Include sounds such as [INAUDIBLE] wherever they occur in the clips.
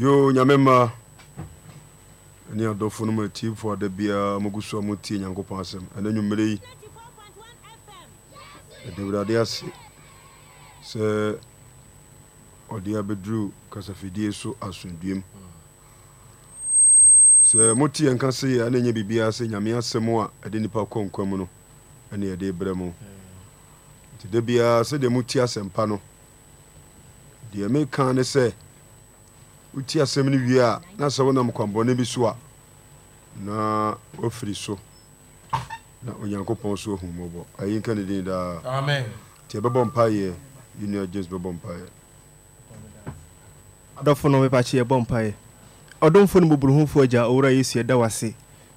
yo nyame ma ɛne adɔfo no mu atiifoɔ ada biara mogu so a motie nyankopɔn asɛm ɛna nwummerɛ yi ɛda ase sɛ ɔde abɛduru kasafidie so asomdwam sɛ mote yɛn nka se a na ɛnyɛ biribiara sɛ nyame asɛm a ɛde nnipa kɔ nkwa mu no ɛne yɛde brɛ mu nti da biara sɛdeɛ motie asɛmpa no deɛ meka ne sɛ woti asɛm no wie a na sɛ wonam kwanbɔne bi so a na wofiri so na onyankopɔn so ohu mmɔbɔ ayi nka ne din daa nti ɛbɛbɔ mpayɛ unia james bɛbɔ mpayɛ adɔfo no mepakye yɛbɔ mpaeɛ ɔdomfo no mmɔborɔhumfoɔ agya owura yesu ɛda w ase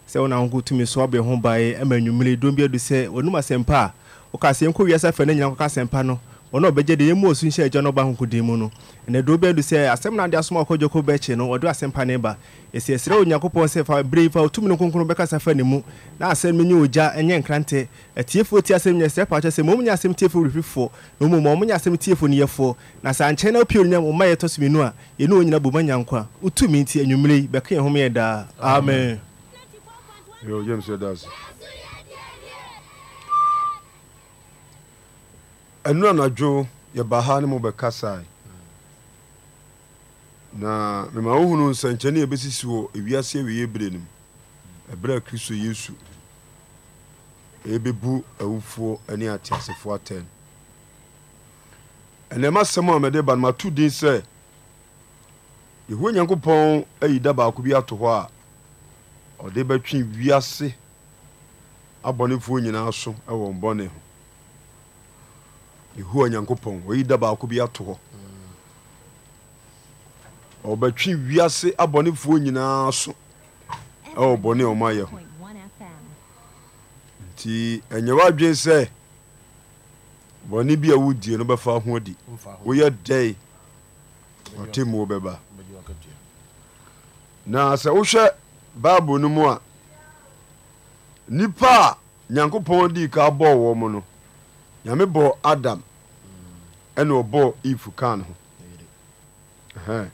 sɛ wona honko tumi so abɛ ho baeɛ ama nwummere dom bi adu sɛ wɔnum asɛmpa a woka sɛ yɛnkɔ wiasɛ afɛ no nyina nkɔka asɛmpa no ɔno ɔbɛgye de yɛmu osu nhyɛ agya no ɔba ahoko din mu no ɛnɛ duro bɛadu sɛ asɛm no ade asoma ɔkɔgye kɔ bɛkyi no ɔde asɛm pa ne ba ɛsi ɛsrɛ onyankopɔn sɛ fa berɛ fa ɔtumi no kronkron bɛkasa fa ne mu na asɛm no nyɛ ogya ɛnyɛ nkrantɛ atiefoɔ e ti asɛm nyɛ srɛ pakyɛ sɛ mom nyɛ asɛm tiefo werɛhwifoɔ na mmom ɔmo nyɛ asɛm tiefo neyɛfoɔ na sa ankyɛn na wopie onyam ɔma yɛtɔ so menu a yɛne ɔnyina boma nyanko a wotumi nti anwummere yi bɛka yɛ ho yɛ daa amen Yo, James, you're ɛnu anadwo yɛba ha ne mu bɛkasae na mema wohunu nsɛnkyɛne yɛbɛsisi wɔ ewiase awieɛ berɛ no mu ɛberɛ yesu ɛbɛbu awufoɔ ne ateasefoɔ atɛn ɛnɛma sɛm a mede ba no mato din sɛ yɛhoa nyankopɔn ayi da baako bi ato hɔ a ɔde bɛtwe wiase abɔnefoɔ nyinaa so ɛwɔ mbɔne ho yehowa nyankopɔn oyi da baako bi ato hɔ mm. ɔbɛtwe wiase abɔnefoɔ nyinaa so ɛwɔ bɔne a ɔmayɛ ho nti ɛnyɛ w'adwen sɛ bɔne bi a wodie no bɛfa ho adi woyɛ dɛn ɔte mu bɛba na sɛ wohwɛ baabu no mu a nipa a nyankopɔn dii ka bɔɔ wɔ mu no nyame bɔɔ adam mm. ɛna ɔbɔɔ eve kan ho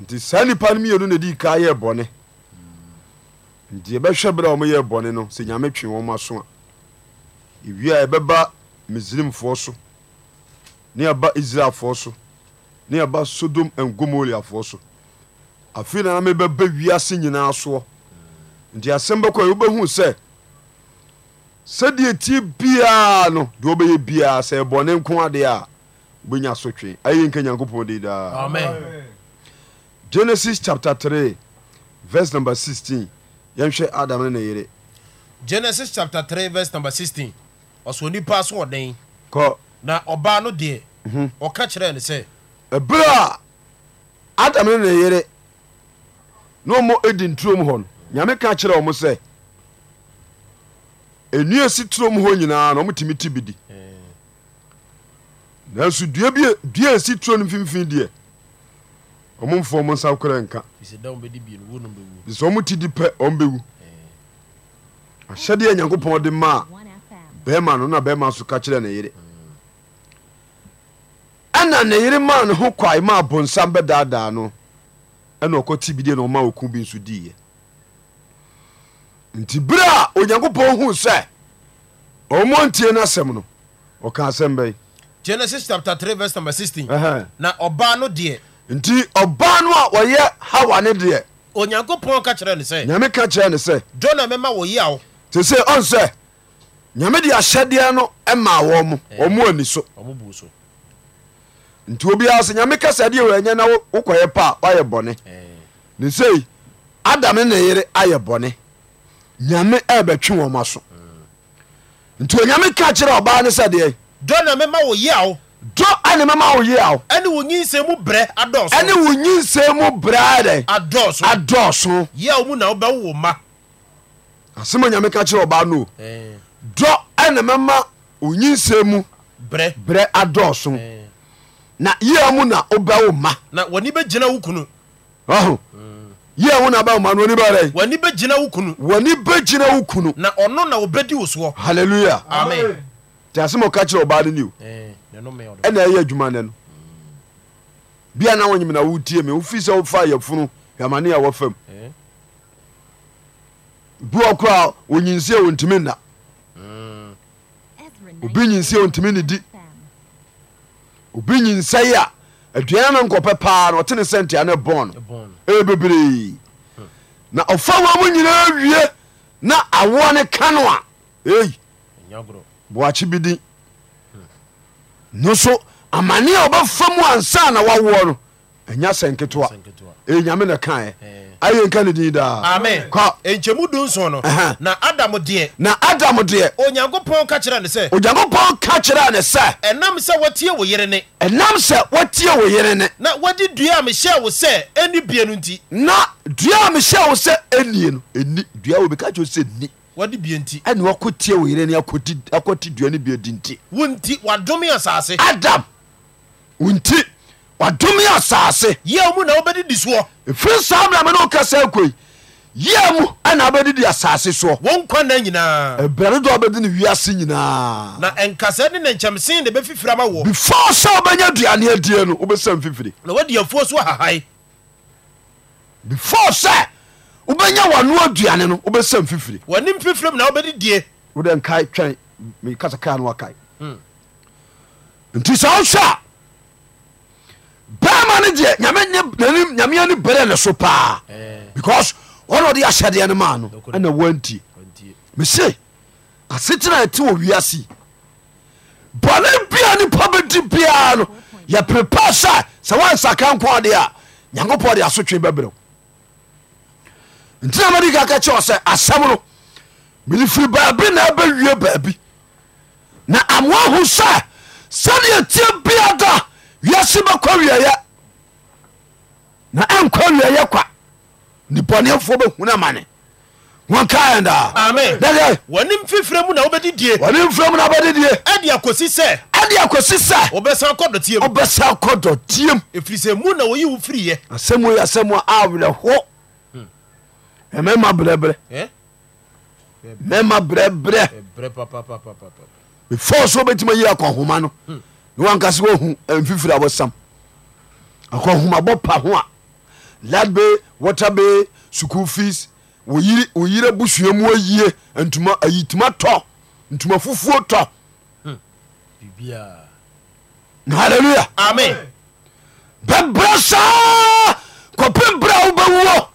nti saa nnipa no mmienu na dii ka yɛɛ bɔne mm. nti yɛbɛhwɛ berɛ a ɔmo yɛɛ bɔne no sɛ nyame twe wɔn aso a ewie a yɛbɛba misrimfoɔ so ne yɛba israelfoɔ so ne yɛba sodom and gomoriafoɔ so afei na na wiase nyinaa soɔ mm. nti asɛm bɛkɔ yɛ wobɛhu sɛ sɛdeɛ tie biaa no deɛ wobɛyɛ biaa sɛ ɛbɔne nko adeɛ a wobɛnya so twe ayɛ nka nyankopɔn genesis chapter 3 16 yɛnhwɛ adam no ne yere genesis chapter 3 16 ɔsɔ nipa ɔden na ɔbaa no deɛ ɔka mhm. kyerɛɛ no sɛ ɛberɛ a adam no ne yere na ɔmɔ ɛdi nturom hɔ no nyame kyerɛ ɔ sɛ ɛnua asi turom hɔ nyinaa na ɔmotumi ti bi di nanso dua asi turo no mfimfini deɛ ɔmomfoɔ mo nsa korɛ nka bisɛ ɔmoti di pɛ ɔm bɛwu ahyɛdeɛ nyankopɔn de maa bɛrima no na bɛrima so ka kyerɛ ne yere ɛna ne yere maa ne ho kwae maa bonsam bɛdaadaa no ɛna ɔkɔ ti bi deɛ na ɔma ɔku bi nso diiɛ nti bere a onyankopɔn hu sɛ ɔmɔntie no asɛm no ɔka asɛm bɛyi genesis chapter three verse number sixteen. na ɔbaa no deɛ nti ɔbaa no a wɔyɛ hawa ne deɛ onyankopɔn ka kyerɛ no sɛ nyame ka kyerɛ no sɛ jona mɛma wo yaw te sɛ ɔn sɛ nyame de ahyɛdeɛ no ɛmaa wɔ mo ɔmo ani so nti obiara sɛ nyame kasa deɛ wɔanyɛ na wokɔyɛ pa a woayɛ bɔne ne sei adam ne ne yere ayɛ bɔne nyame ɛbɛtwe wɔ ma so nti onyame ka kyerɛ ɔbaa ne sɛdeɛ dɔ na mɛma wo yea wo dɔ ane mɛma wo yea wo ɛne wo nyinsɛn mu brɛ adɔɔso ɛne wo nyinsɛn mu brɛ dɛ adɔɔso adɔɔso yea wo mu na wobɛwo wo ma asɛm a nyame ka kyerɛ ɔbaa no o dɔ ɛne mɛma wo nyinsɛn mu brɛ brɛ adɔɔso na yea mu na wobɛwo ma na w'ani bɛgyina wo kunu ɔho mm yí ẹ̀hún náà bá ọmọ ní oníbàárẹ̀. wọ́n ní bẹ́ẹ̀ jìnnà wù kunu. ní bẹ́ẹ̀ jìnnà wù na ọ̀nù na ọbẹ̀ di wòsùwọ̀. hallelujah amen. tí a ọba ni ni ẹnna ẹ yẹ adwuma nẹ bí a náà wọ́n nyìmìnà wò tiẹ̀ mi òfin sẹ́ wọ́n fa funu yamani yà wọ́ fẹ́ mu bí wọ́n kura ònyìnsẹ́ wọ́n ntumi nna mm. obi nyinsẹ́ wọ́n ntumi nìdí obi nyinsẹ́ yà aduana no nkɔpɛ paa na ɔtene sɛntia ne bɔn no ɛyɛ bebree na ɔfa wa mu nyinaa wie na awoɔ ne ka no a ei boakye bi din no so amanneɛ a wɔbɛfa mu ansa na wawoɔ no ɛnya sɛnketewa ɛyɛ nyame ne kaɛ ayé nka ne din daa. amen kɔ nkyɛnmu dunson no. na adamu deɛ. na adamu deɛ. onyankopɔn ka kyerɛ ne sɛ. onyankopɔn ka kyerɛ ne sɛ. ɛnam sɛ wɔtie wo yere ne. ɛnam sɛ wɔtie wo yere ne. na wɔde dua a mehyɛ wo sɛ ɛni bie no nti. na dua a mehyɛ wo sɛ ɛnie no ɛni dua wo bi ka kyerɛ sɛ ni. wɔde bie nti. ɛni wɔkɔ tie wo yere ne akɔti akɔti dua ne bie di nti. wo nti wadome adam wo wadom yɛ asase mu na wobɛdidi soɔ ɛfiri saa brame ne wokasa koi yɛ mu ɛna wobɛdidi asase soɔ wɔn nkwa nna nyinaa ɛbrɛne dɔ wobɛdi ne wiase nyinaa na ɛnkasa ne ne nkyɛmsen de bɛfifiri ama wɔ before sɛ wobɛnya aduane adie no wobɛsam fifiri na wadiafuo so ahahae before sɛ wobɛnya wano aduane no wobɛsam fifiri wɔnim fifirim na wobɛdidie wode nkae twɛn mekasakae no wakae hmm. nti sɛ wohwɛ a bɛrima no deɛ nyamea ne berɛ ne so paa eh. because ɔne ɔde yɛahyɛdeɛ no maa no ɛna wantie mese asetena ɛte wɔ wiase bɔne bia nipa bɛdi biaa no yɛprepa sɛ sɛ woansaka nko deɛ a nyankopɔn de asotwe bɛbrɛw ntina made kaka kyɛw sɛ asɛm no medefiri baabi na ɛbɛwie baabi na amoa ho sɛ sɛdeɛ tie bia da wiase bɛkɔ wieɛ na ɛnkɔ wieɛ kwa nipɔnefoɔ bɛhuna amane wkaɛdaa wɔne mfifirɛ mu na wobɛdidie wɔne mfirɛ mu na wobɛdidie ɛde akosi sɛ ɛde akosi sɛ wɔbɛsan kɔ dɔteɛ mu wɔbɛsan kɔ dɔteɛ mu ɛfiri sɛ mu na wɔyi wo firiyɛ asɛm yɛ asɛm a awerɛho hmm. mɛma brɛbrɛ mɛma brɛbrɛ before so wobɛtumi ayi akɔhoma no hmm. wankase wohu mfifiri a wɔsam akɔhomabɔ pa ho a lad be wata be sukuul fees oyere busua mu ayie ntuma ayituma tɔ ntuma fufuo tɔ hmm. halleluya amen bɛbrɛ saa kɔpe brɛ wobɛwuo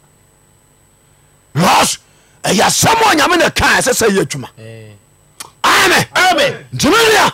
because ɛyɛ asɛm a nyame ne kaa ɛsɛ sɛ yɛ adwuma eh. amen ntimenea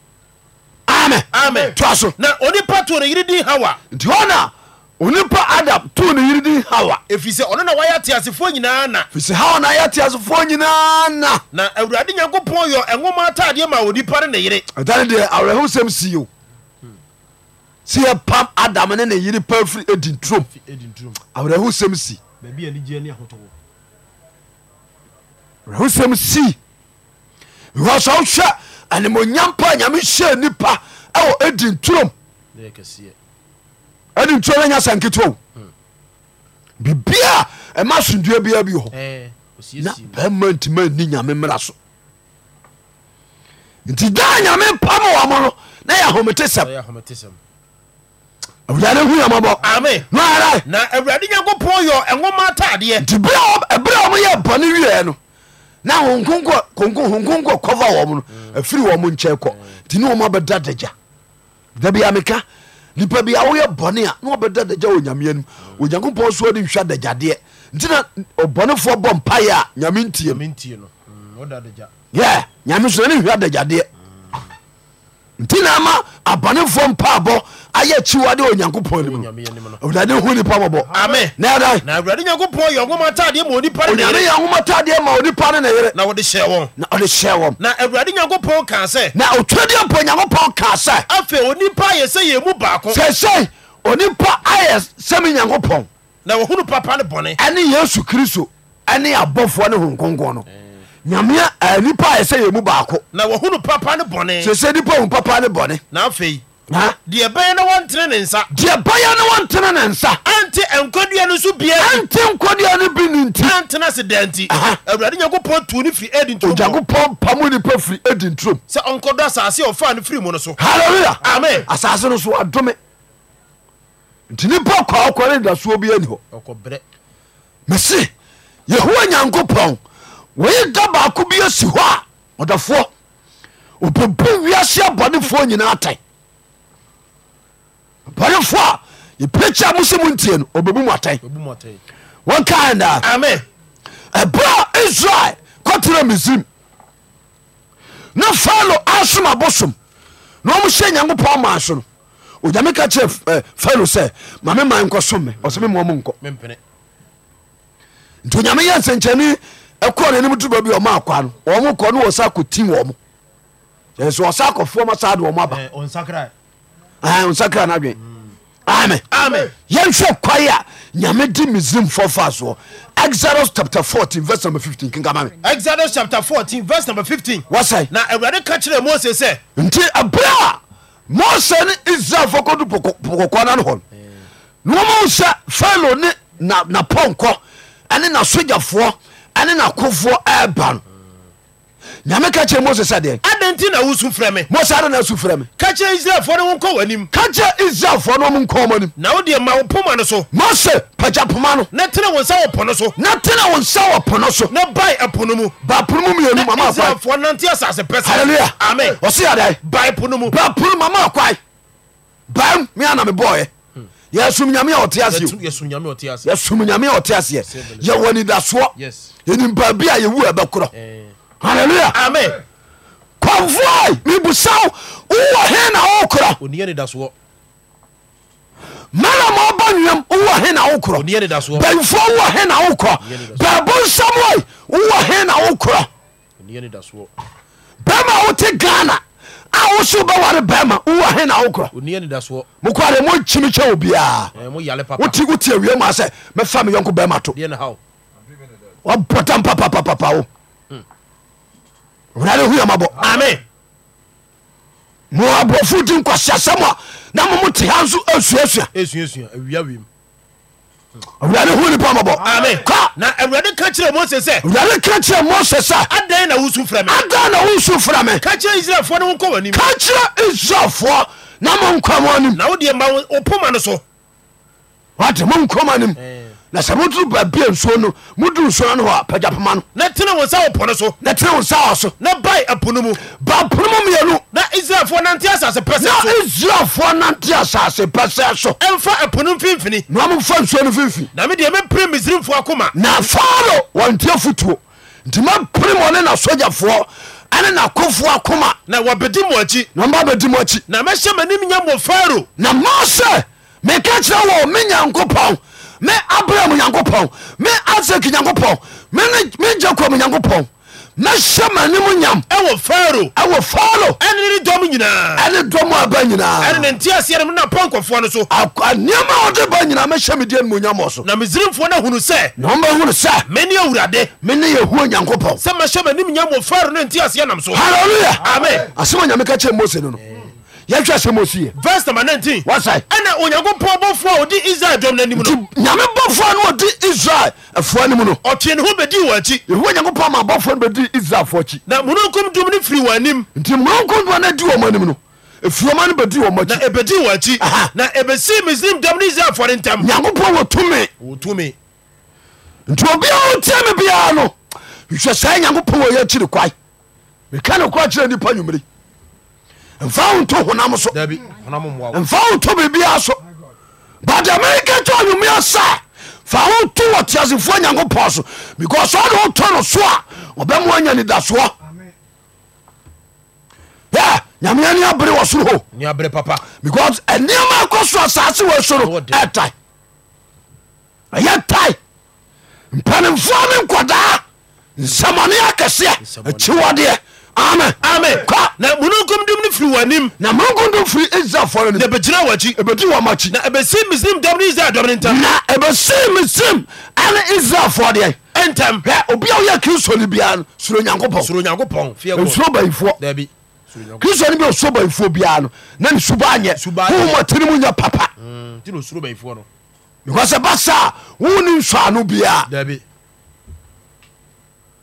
amen toa so na onipa too ne yere din hawa nti ɔna onipa adam too ne yere din hawa ɛfiri sɛ ɔno na wayɛ ateasefoɔ nyinaa na firi sɛ hawa na ayɛ ateasefoɔ nyinaa na na awurade nyankopɔn yɔ ɛnwoma ataadeɛ ma onipa ne ne yere ɛdane deɛ awerɛho sɛm si o sɛ yɛpam adam ne ne yere pa firi ɛdi nturom awerɛho sɛm si awerɛho sɛm si because ɔhwɛ anemonyampa nyame hyɛ nnipa ɛwɔ adinturom adentrom ɛnya sankitewa wo hmm. biribia ɛma somdua biaa bihɔna bɛma nti mani nyame mmara so nti da nyame pa mowa mɔ no na yɛ ahomete sɛmawrade u wurade nyankopɔn ymaeɛnberɛ m yɛ bɔne wi no na honkonko kɔva wɔ m no afiri wɔ mo nkyɛn kɔ nti ne wɔma bɛda dagya da bia meka nipa bia woyɛ bɔne a na wɔbɛda dagya wɔ nyamea nom onyankopɔn so de nhwɛ dagyadeɛ nti na ɔbɔnefoɔ bɔ mpaeɛ a nyame ntie no yɛ nyame mm, so ne nhwɛ dagyadeɛ nti na ma abanefoɔ mpabɔ ayɛ kyiwade onyankopɔn nim awurade hu nipa bɔbɔ nɛdawurade nyankopɔn yɛ nwoma tadeɛ ma onipa onyame yɛ nwoma tadeɛ ma onipa ne ne yere na wɔde hyɛ wɔn na ɔde hyɛ wɔn na awurade nyankopɔn kaa sɛ na otwadeɛ mpo nyankopɔn kaa sɛ afei onipa ayɛ sɛ yɛ mu baako sɛsɛi onipa ayɛ sɛme nyankopɔn na wɔhunu papa ne bɔne ɛne yesu kristo ɛne abɔfoɔ ne honkonkɔn no eh nyamea eh, nipa a ɛsɛ yɛ mu baako na wɔhunu papa ne bɔne sɛsɛ nipa hu papa ne bɔne na afei deɛ bɛyɛ na wɔntene ne nsa deɛ bɛyɛ na wɔntene ne nsa ante nkwadua no nso bia ante nkwadua no bi ne nti antena se da nti awurade nyankopɔn tu no firi adi nturom onyankopɔn pamo nipa firi adi nturom sɛ ɔnkɔdɔ asase ɔfaa no firi mu no so halleluya amen asase no so adome nti nipa kɔɔkɔre dasoɔ bi ani hɔ mese yehowa nyankopɔn wɔyi da baako bi asi hɔ a ɔdɔfoɔ obɛbu wiase abɔnefoɔ nyinaa tɛ abɔnefoɔ a yɛpirɛkyi a mo sɛ mo ntie no ɔbɛbu mu atɛn wɔnkaa daa ɛberɛ a israel kɔtena misrim na falo asom abosom na ɔmohyɛ nyankopɔn maa so no onyame ka kyerɛ falo sɛ ma me ma nkɔ som me ɔsɛ me mmoa mu nkɔ nti onyame yɛ nsɛnkyɛne ɛkɔ nanim to baabi ɔma akwa no ɔmo kɔ no wɔ sa kɔtim wɔ mo sɛ ɔsa akɔfoɔ ma saa de ɔmo aba ɔnsakra no adwen mm. ame yɛnhwɛ kwae a nyame de misrim fɔ fa soɔ exodus chapter 14 verse number 15 kenkama me exodus chapter 14 verse number 15 wɔsɛe na awurade ka kyerɛɛ mose sɛ nti ɛberɛ a mose ne israelfoɔ kɔdu pokɔkɔ no no hɔ no na wɔma wo sɛ farao ne napɔnkɔ ɛne nasogyafoɔ ɛne nakofoɔ ɛba no nyame ka kyerɛ mose sɛ deɛ adɛn nti na wosu frɛ me mose adɛ na asu frɛ me ka kyerɛ israelfoɔ no wonkɔ w'anim ka kyerɛ israelfoɔ no ɔmo nkɔ ɔmo anim na wodeɛ ma wo poma no so mose pagya poma no na tena wo nsa wɔ po no so na tena wo nsa wɔ po no so na bae ɛpo no mu ba po no mu mmienu mama akwae israelfoɔ nante asase pɛ sɛ halleluya amen ɔse yɛ dɛn bae po no mu ba po no mama akwae bae mu me ana me bɔɔyɛ ys yam ys yam ywnidas nbai yewkr koebsa kr b bbonse krbma wot gn awoso bɛware bɛma wowɔ he na wokorɔ mokoade mokyimi kyɛ wo biaa wote awie ma sɛ mɛfa me yɔnko bɛma to wabɔtam papapapa wo hmm. wurade hu yamabɔ ame mo aborɔfo di nkɔsiasɛm a na momote ha nso asuasua awurade hu nipa mɔbɔ. ami kɔ. na awurade kan kyerɛ mose sɛ. awurade kan kyerɛ mose sɛ. adan na wusu fira mi. adan na wusu fira mi. kan kyerɛ israelfoɔ ni nkɔ wɔn nim. kan kyerɛ israelfoɔ na mo nkɔ wɔn nim. na o deɛ ma o poma no so. wate mo nkɔ wɔn nim na sɛ moduru baabia nsuo no moduru nsuo no hɔ a pagya poma no na tene wo nsa wɔ po no so na tene wo nsa wɔ so na bae apo no mu ba po mu mmienu na israelfoɔ nante asase pɛ sɛ na israelfoɔ nante asase pɛ sɛ so ɛmfa apo no mfimfini na ɔmomfa nsuo no fimfini na medeɛ mɛpere misrimfoɔ akoma na faaro wɔntia fotuo nti mɛpere mɔ na sogyafoɔ ɛne nakofoɔ akoma na wɔbɛdi mo akyi na ɔmba bɛdi mo akyi na mɛhyɛ m'anim nya mɔ faaro na ma sɛ meka kyerɛ wɔ me nyankopɔn me abrɛ m nyankopɔn me asec nyankopɔn mejaka mu nyankopɔn mɛhyɛ manem nyam ɛwaroɛwɔ faalo ɛn dɔm yinaa ɛne dɔ mo aba nyinaa ɛnntiaseɛnnapɔ nkfoa no so aneɛma ɔde ba nyinaa mɛhyɛ medi nomunyamwɔ sona meseremfoɔ no ahunu sɛ nbɛhunu sɛ mene awurade mene yɛhoo nyankopɔn sɛ mɛhyɛ mnim nyam wɔ faro n ntiaseɛ nam soaa asmɛ nyamkakmos yɛhwɛ sɛ mɔsiɛ verse number nineteen. wasae ɛna onyankopɔn bɔfoɔ a ɔdi israel dɔm n'anim no. nti nyame bɔfoɔ no ɔdi israel afoa nim no ɔtwe ne ho bɛdii wɔn akyi yɛhowa nyankopɔn ma bɔfoɔ no bɛdi israelfoɔ akyi na mununkum dum no firi wɔn anim nti mmerɛnko doa no adi wɔ ma anim no afuoma no bɛdi wɔ ma na akyi ɛbɛdii wɔn akyi Aha. na ɛbɛsii misrim dɔm ne israelfoɔ no ntam nyankopɔn wɔ tumi wɔtumi nti obiaa wotie me biaa no hwɛ saa nyankopɔn wɔ yɛ akyiri kwae omfaoobiaa so but mɛkki wmasa fa woto wɔ teasefoɔ nyankopaso beauseeosoa ɛmoayanidasor sonma k so sase soɛ pɛfo n nkdaa sɛneakɛseɛkɛ amen amen kɔ na mununkum dum ni firi wɔn na mununkum dum firi israelfoɔ na ebegyina wɔn akyi ebedi na ebesi muslim dɔm ni israel dɔm na ebesi muslim ɛne israelfoɔ deɛ ntam hɛ obi a oyɛ kristu ni bia no suro nyankopɔn suro nyankopɔn fiyɛ kɔ nsuro bayifoɔ dɛbi kristu ni bi osuro bayifoɔ bia no na tiri mu papa mm, ti na osuro bayifoɔ no because ɛba saa wɔn ni nsɔ ano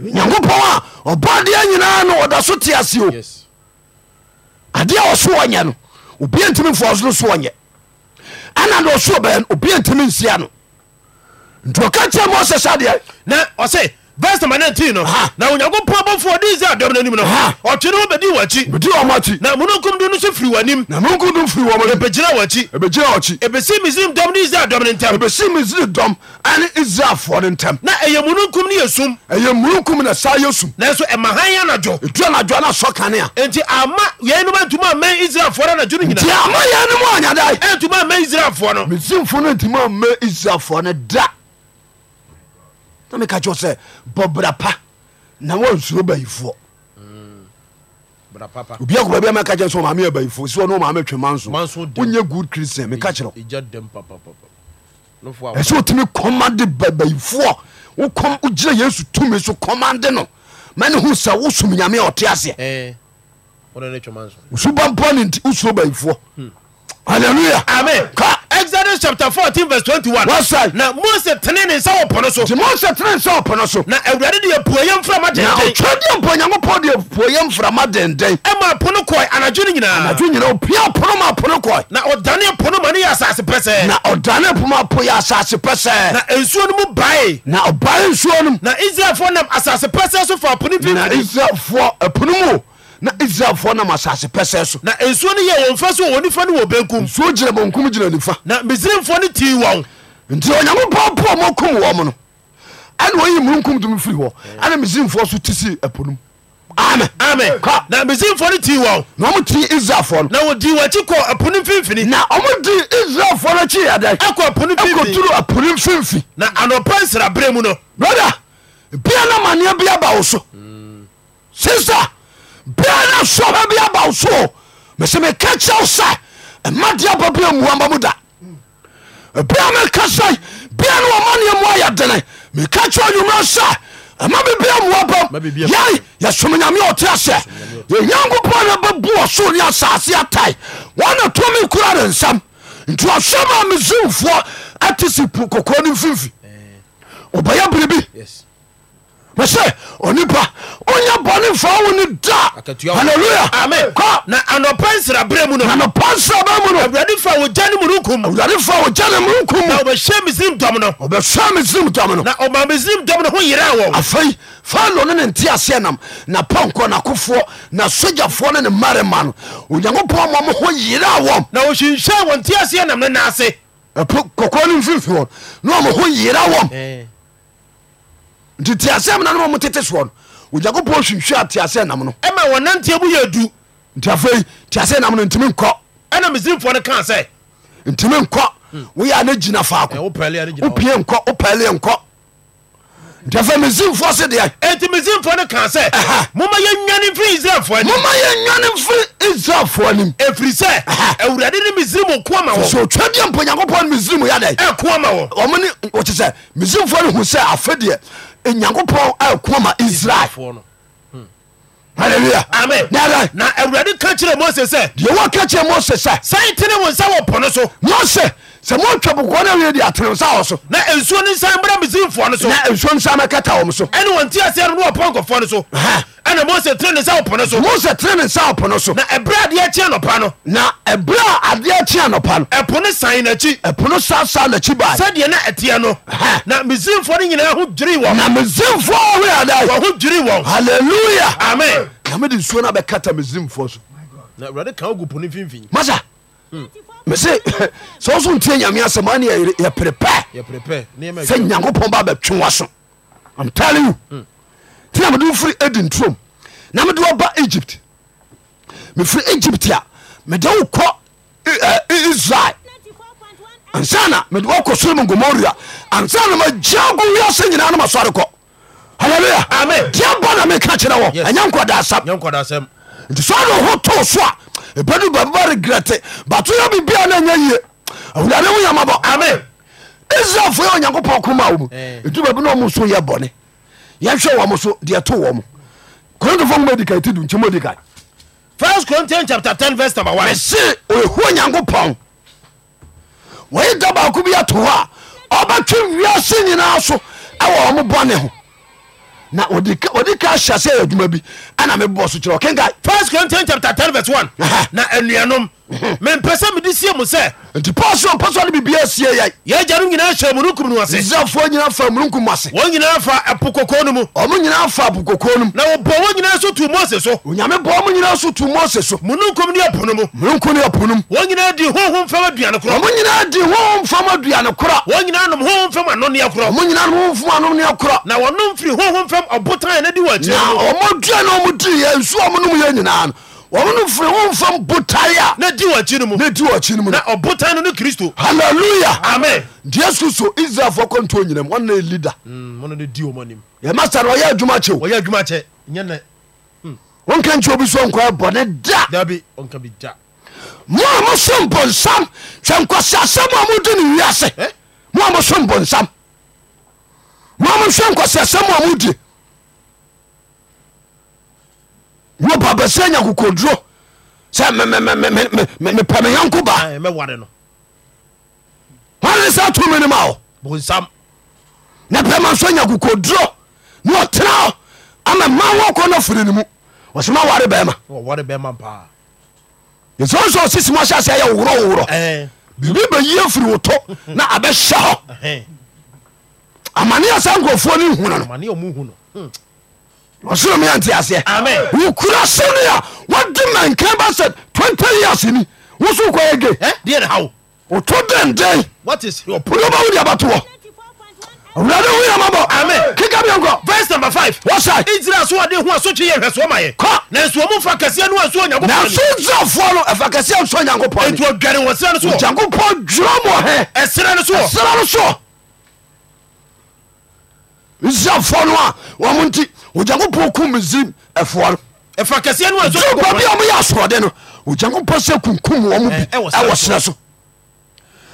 nyankopɔn a ɔbadeɛ nyinaa no ɔda so te aseo adeɛ a ɔso ɔnyɛ no obia ntimi fo sono so ɔnyɛ ana de ɔsoɔ bɛɛ no obia ntimi nsia no nti ɔka kyeɛ mosesa deɛ n ɔse verse number nineteen no na onyankopɔn abɔfoɔ de israel dɔm no anim no ɔtwe ne wɔbɛdi wɔakyi bɛdi wɔn akyi na mununkum dum no so firi w'anim na mununkum dum firi wɔn akyi ebɛgyina wɔakyi ebɛgyina wɔakyi ebɛsi misiri dɔm ne israel dɔm ne ntɛm ebɛsi misiri dɔm ɛne israelfoɔ ne ntɛm na ɛyɛ mununkum ne yɛ sum ɛyɛ mununkum na saa yɛ sum nanso ɛma han yɛ anadwo etu anadwo ana sɔ kanea nti ama yɛn nomu atuma amɛn israelfoɔ no anadwo no nyina nti ama yɛn nomu anyada ɛntuma amɛn israelfoɔ no misiri fo no ntuma amɛn israelfoɔ no da na meka kyɛw sɛ bɔbra pa na wansuro bayifoɔ mm. obi akoba biama ka kyɛ sɛ ɔmaame yɛ bayifo sɛ ɔne ɔmaame twema nso wonyɛ good christian meka kyerɛ ɛsɛ ɔtumi kɔmmande bayifoɔ wogyina yesu tumi so kɔmmande no ma ne ho sɛ wosom nyame a ɔte aseɛ eh. wosuba mpɔ ne nti wosuro bayifoɔ hmm. halleluya ka exodus chapter fourteen verse twenty-one. wọ́n sẹ́. na mose tẹ́ni ní nsá wọ pọ̀nọ so. ti mose tẹ́ni ní nsá wọ pọ̀nọ so. na awurade de yẹ pue yẹn nframa dẹndẹn. na ọtwa de mpọ nyanko pọ de pue yẹn nframa dẹndẹn. ẹ ma pono kọ anadwo ni nyinaa. anadwo nyinaa opia pono ma pono kọ. na ọdani pono ma ne yẹ asase pẹsẹ. na ọdani pono ma po yẹ asase pẹsẹ. na nsuo no mu bae. na ọbae nsuo no na israelfoɔ nam asase pẹsẹ so fa pono fi. na israelfoɔ ɛpono mu na israelfoɔ nam asase pɛsɛ so na nsuo no yɛ wɔn fa so wɔ nifa ne wɔ benkum nsuo gyina bɔnkum gyina nifa na misraimfoɔ no tii wɔn nti onyankopɔn po ɔmɔ kum wɔ mo no ɛne wɔyi mmununkum dum firi hɔ ɛne misraimfoɔ so te si ɛpo nom amen amen na misraimfoɔ no tii wɔn na ɔmo tii israelfoɔ no na wɔdii wɔn akyi kɔ ɛpo no na ɔmo di israelfoɔ no akyi yɛ dɛ ɛkɔ ɛpo no mfimfini ɛkɔturu ɛpo no mfimfini na anɔpa nsirabere mu no brother bia na maneɛ bia aba wo so sister biane so be bi abao so mese me keke se madeababi muabamu da bime kese biane manemuaye dene meke ke oumr se mabiamuayesome yame tase yankopon b buwsone sase at ne tmi kora ne nsem nti sema mezinfoo atesepu kokonemfifi obya brbi mɛsɛ ɔnipa onya bɔne fa wono daɔasraermnɔpasabamueanemɛsɛ mesimdm nomse afei fa nɔ ne ne nte aseɛ nam napankɔ nakofoɔ na sojafoɔ no ne marema no onyankopɔn mɔmo ho yera wɔm n aseɛ namose n mfifiɔ n mho yera wom nti teasɛm na no motete soɔ no onyankopɔn hwihwɛ a teasɛ nam no ɛma wɔnanteɛ mu yɛ du nti afei teasɛ nam no ntimi nkɔ ɛna misirifoɔ no kaa sɛ ntimi nkɔ hmm. woyɛ ne gyina faako wopie nkɔ wopɛleɛ nkɔ nti afei misirifoɔ se deɛ enti misirifoɔ no kaa sɛ moma yɛnwane mfiri israelfoɔ anim moma yɛnwane mfiri israelfoɔ anim ɛfiri sɛ awurade ne misiri mu ko ama wɔ sɛ deɛ mpo onyankopɔn ne misiri mu yɛdɛ ɛko ama wɔ ɔmo ne sɛ misirifoɔ no hu sɛ afɛdeɛ nyankopɔn akuma ma israel hmm. halleluya na awurade ka kyerɛ mose sɛ deɛ wɔ ka kyerɛ mose sɛ sɛn tene wo nsa wɔ pɔno so mose sɛ motwa bokoɔ no awie de atene nsa wɔ so na nsuo no nsan bra mesimfoɔ no so na nsuo nsa mɛkata wɔm so ɛne wɔnti aseɛ no ne wɔpɔ nkɔfoɔ no so ɛna mose tene ne nsa wɔpo no so mose tene ne nsa wɔpo no so na ɛberɛ adeɛ kye anɔpa no na ɛberɛ a adeɛ kye anɔpa no ɛpo no san n'akyi ɛpo no sa sa n'akyi baa sɛdeɛ na ɛteɛ no na mesimfoɔ no nyinaa ho dwirii wɔn na mesimfoɔ ho yɛda wɔho dwirii wɔn halleluya amen na mede nsuo no abɛkata mesimfoɔ so masa hmm. mese ssonti yame sɛyɛ prepase nyankopɔn abatwewa mm. so medeoferi ade trom namedewoba egypt mefri egypt medok isrel s mek sromu omoria sawas yinansareknmka kerɛydsao so ebedu baba regrete bato ya bibia eh. na nya yie awurade wo yamabɔ amen israelfo yɛ onyankopɔn koroma wo mu ɛtu baabi na ɔmo so yɛ bɔne yɛhwɛ wɔ mo so deɛ to wɔ mo korintofo nwoma di kan ti du nkyɛm odi kan first corinthians chapter ten verse number one. mese oyehu onyankopɔn wɔyɛ da baako bi ato hɔ a ɔbɛtwe wiase nyinaa so ɛwɔ ɔmo bɔne ho na ɔde ka hyɛ sɛ yɛ adwuma bi ana mebɔ so kyerɛ ɔkenka 1 corinthians chapter 10 verse 1 na anuanom mempɛ sɛ mede sie mu sɛ nti paul so ɔmpɛ sɛ ne biribia sie yɛ yɛagya no nyinaa hyɛ mununkum no ase israelfoɔ nyinaa fa mununkum ase wɔn nyinaa fa ɛpo kokoo no mu ɔmo nyinaa fa po no mu na wɔbɔ wɔn nyinaa so tuu mose so onyame bɔ ɔmo nyinaa so tuu mose so mununkum ne ɛpo no mu mununkum ne ɛpo no mu wɔn nyinaa di honhom fam aduane korɔ ɔmo nyinaa di honhom fam aduane korɔ wɔn nyinaa nom honhom fam anɔneɛ korɔ ɔmo nyinaa nom honhom fam anɔneɛ korɔ na wɔnom firi honhom fam ɔbotan a na di wɔ na ɔmo dua na ɔmo di yɛ nsuo ɔmo nom yɛ nyinaa no wɔmono mfiri wo mfam botae a na di wakyi no mu na di wakyi no na ɔbotan no kristo halleluya amen nti yesu so israelfoɔ kɔnto nyinam ɔno na yɛ leader hmm, ɔno ne di wɔm anim yɛma sa no ɔyɛ adwuma kyɛw wɔyɛ adwuma kyɛ nyɛ nɛ hmm. wonka nkyi obi so nkɔɛ bɔne da dabi ɔnka bi da mo a moso mbɔnsam hwɛ nkwasi asɛm a modi ne wiase eh? mo a moso mbɔnsam mo a mohwɛ nkwasi asɛm a modie woba bɛsɛ nya kokoduro sɛ mepɛ me yanko ba wane sa tumi no ma ɔ oh, eh. na pɛma nso nya kokoduro na ɔtena ama ma wɔkɔ no afiri no mu ɔsoma ware bɛma yɛsɛnso ɔsisi mu ahyɛ sɛ yɛ worɔ worɔ biribi bɛyi afiri wo tɔ na abɛhyɛ hɔ amaneɛ sa nkurɔfoɔ no hu no ɔsoro meante aseɛ wokura sɛne a wode manka ba sɛ twenty years ni wo so wokɔyɛ ge woto denden woyɛba wode abatowɔ awurade ho yamabɔ keka biankɔ verse number 5 wɔsae israel so wɔde ho asotwe yɛ hwɛsoɔ ma yɛ kɔ nanso ɔmu fa kɛseɛ no ansuo onyankopɔnnaso israelfoɔ no ɛfa kɛseɛ nsuo nyankopɔn nti ɔdwane wɔ serɛ no so nyankopɔn dwura mɔ hɛ ɛserɛ no so ɛserɛ no so israelfoɔ no a wɔmo nti onyankopɔn ku misrim ɛfoɔ no ɛfa kɛseɛ no zuba bi a ɔmoyɛ asorɔde no onyankopɔn sɛ kunkum wɔ mo bi ɛwɔ serɛ so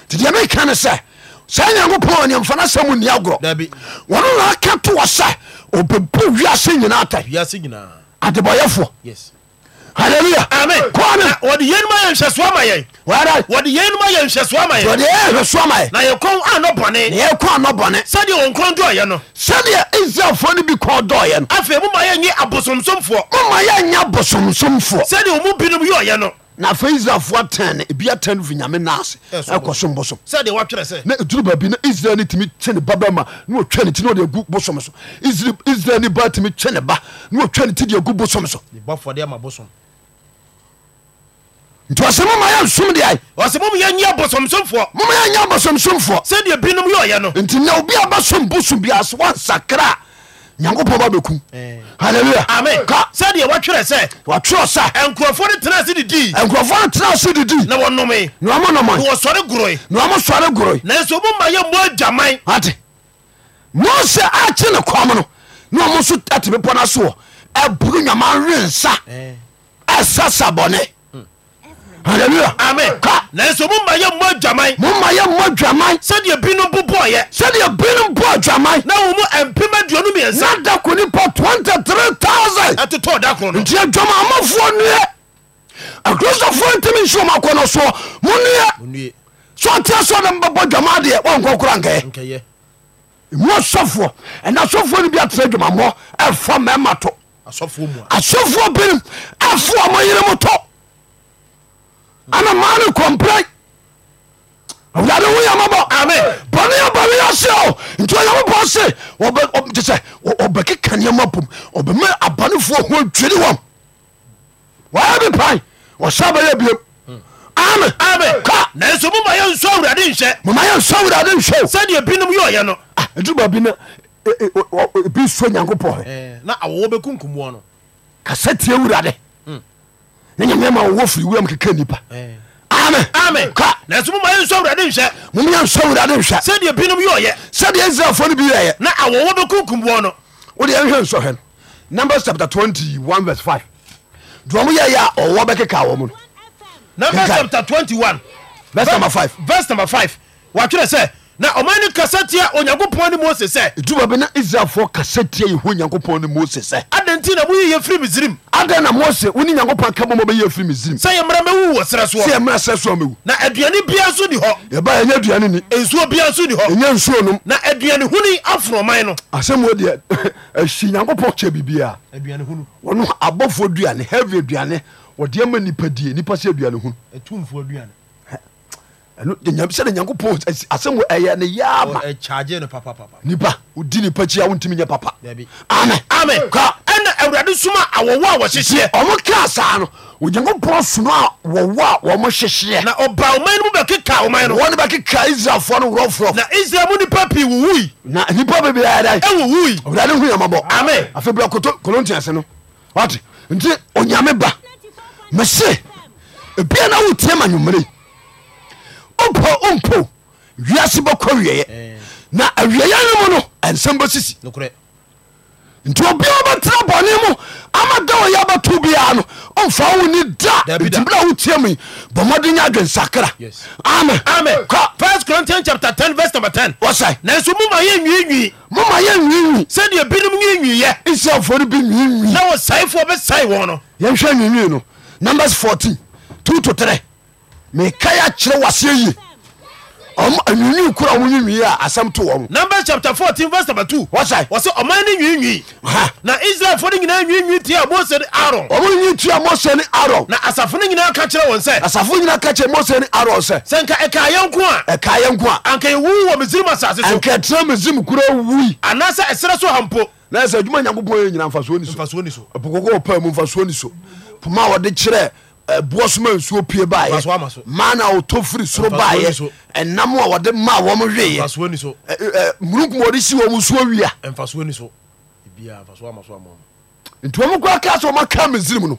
nti deɛ meka ne sɛ saa nyankopɔn ɔneɛmfa no sɛ mu nni agorɔ wɔno na aka to wɔ sɛ ɔbɛbɔ wiase nyinaa atae adebɔyɛfoɔ hallelujah amen kɔɔmi. wɔde yɛn ma yɛ nhyɛsoɔ ma yɛn. wɛrɛ wɔde yɛn ma yɛ nhyɛsoɔ ma yɛn. wɔde yɛn nhyɛsoɔ ma yɛn. na yɛ kɔn anɔ bɔnɛ. na yɛ kɔn anɔ bɔnɛ. sɛdeɛ wɔn kɔn dɔɔ yɛn no. sɛdeɛ israelfoɔ ni bi kɔn dɔɔ yɛn no. afei mo ma yɛ nye abosomsomfoɔ. mo ma yɛ nye abosomsomfoɔ. sɛdeɛ wɔn mu binom yɛ ɔyɛ no. na afei israelfoɔ ten no ebi atɛn no fi nyame naase ɛkɔ so mbosom sɛdeɛ watwerɛ sɛ na ɛduru baabi na israel no tumi kye ne ba bɛma na wɔtwa ne ti na ɔde agu bosom so israel ne ba tumi kye ne ba na wɔtwa ne ti de nti ɔsɛ moma yɛ nsom deɛ ɔsɛ mom yɛnyɛ bosomsomfoɔ moma yɛnyɛ bosomsomfoɔ sɛdeɛ binom yɛɔyɛ no nti na obi abɛsom bosom bia sɛ wansakra a nyankopɔn ba bɛku halleluya amen ka sɛdeɛ wɔtwerɛ sɛ wɔtwerɛ sa nkurɔfoɔ no tena ase didi nkurɔfoɔ no tena ase didi na wɔnome na wɔmo nomɔe na wɔsɔre goroe na wɔmo sɔre goroe nanso moma yɛ mmɔ adwaman ate mose akye ne kɔm no na ɔmo nso ate bepɔ no ase wɔ ɛboro nyama we nsa ɛsɛ sa bɔne hallelujah amen ka nanso mo mma mo mmɔ adwaman mo mma yɛ mmɔ adwaman sɛdeɛ binom bobɔɔyɛ sɛdeɛ binom bɔ adwaman na wo mu mpem aduonu mmiɛnsa na da ko nipa 23000 ɛtotɔɔ da koro no nti adwamaamafoɔ nnue akristofoɔ ntimi nhyɛ ɔma akɔnɔ soɔ monnue sɛ ɔteɛ sɛ ɔde mbɛbɔ dwama deɛ wɔnkɔkora nkɛɛ mu asɔfoɔ ɛna asɔfoɔ no bi atena adwamammɔ ɛfa mɛma to asɔfoɔ binom ɛfoɔ mo yere mo tɔ ana maa ne kɔmprai awurade wo yamabɔ amen bɔne yɛ bɔne yɛ se o nti ɔyamabɔ se te sɛ ɔbɛkeka nneɛma pom ɔbɛma abanefoɔ ho adwiri wɔm wɔyɛ bi pae ɔsa bɛyɛ biom amen amen ka nanso moma yɛ nsɔ awurade nhyɛ moma yɛ nsɔ awurade nhyɛ o sɛdeɛ binom yɛ ɔyɛ no ah, ɛduru baabi no e, e, ebi suo nyankopɔn na awɔwɔ bɛkunkum wɔ no kasɛ tie awurade hmm. ne nyame ma wɔwɔ firi wiam keka nipa amen na ɛso moma yɛnsɔ awurade nhwɛ momyɛ nsɔ awurade nhwɛ sɛdeɛ binom yɛɔyɛ sɛdeɛ israelfoɔ no bi yɛyɛ na awɔwɔ bɛkunkum wɔ no wode yɛnhwɛ nsɔhwɛ no numbers chapter 21 verse 5 deɛ ɔmo yɛyɛ a ɔwɔ bɛkeka wɔ mu numbers chapter 21 verse number five. verse number five. 5 wɔatwerɛ sɛ na ɔman no kasa tia onyankopɔn ne mose sɛ eh. ɛduma bɛna israelfoɔ kasa tia yɛho nyankopɔn ne mose sɛ eh. adɛn nti na moyɛ yɛfiri misrim adɛn na mose wo ne nyankopɔn ka bɔmɔ bɛyɛ firi misrim sɛ yɛmmara mɛwu wɔ serɛ soɔ sɛ yɛmmara sɛ soɔ mɛwu na aduane biara nso ni hɔ yɛba ɛnyɛ aduane ni nsuo biara nso ni hɔ ɛnyɛ nsuo nom na aduane huni aforo ɔman no asɛm wɔ deɛ ahyi [LAUGHS] nyankopɔn kyɛ biribiaa aduane hunu wɔno abɔfoɔ duane heavy aduane wɔde ama nipa die nipa sɛ aduane hunu atumfoɔ aduane ɛsɛde nyankopɔn asɛm ɛyɛ ne yaama nipa wodi nipa kyia wontimi nyɛ papa ame ame ka ɛna awurade som a awɔwɔ a wɔhyehyeɛ ɔmo kaa saa no onyankopɔn sono a wɔwɔ a wɔmo hyehyeɛ na ɔba ɔman no mu bɛkeka ɔman no wɔne bɛkeka israelfoɔ no worɔforɔ na israel mu nipa pii wowui na nipa bebrɛɛda ɛwowui awurade hu yamabɔ ame afei bra kolontiase no wate nti onyame ba mese ebia na wotiama nwummere ompo ompo wiase bɛkɔ wieɛ eh. na awieɛ no mu no ɛnsɛm bɛsisi nti obiaa bɛtera bɔne mu ama da ɔyɛ bɛto biaa no ɔmfa wo ni da ntibra wotie me bɔ mmɔde nya adwensakra ame wɔsɛ no bi nwiinwii na wɔsaefoɔ bɛsae wɔn no yɛnhwɛ nwiinwii no numbers 14 2 to 3 meka kyerɛ waseɛ yi anwinwi kura ɔmo nyinwi a asɛm to wɔn. Numbers chapter verse number two. wɔsɛ. wɔsɛ na Israelfo ni nyinaa tia Mose ɔmo tia na asafo ni nyinaa ka kyerɛ wɔn sɛ. asafo nyinaa ka kyerɛ Mose ni Aaron sɛ. sɛ nka ɛka ayɛ nko a. ɛka ayɛ nko a. anka ewu wɔ Misiri masaase so. anka ɛtena kura wui. anaasɛ boɔ soma nsuo pie baɛ mana ɔtɔ firi soro baɛ ɛnam a wɔde ma wɔm weɛ munukum wɔde si wɔ mu suo wia nti wɔm kora ka sɛ ɔmaka mesirim no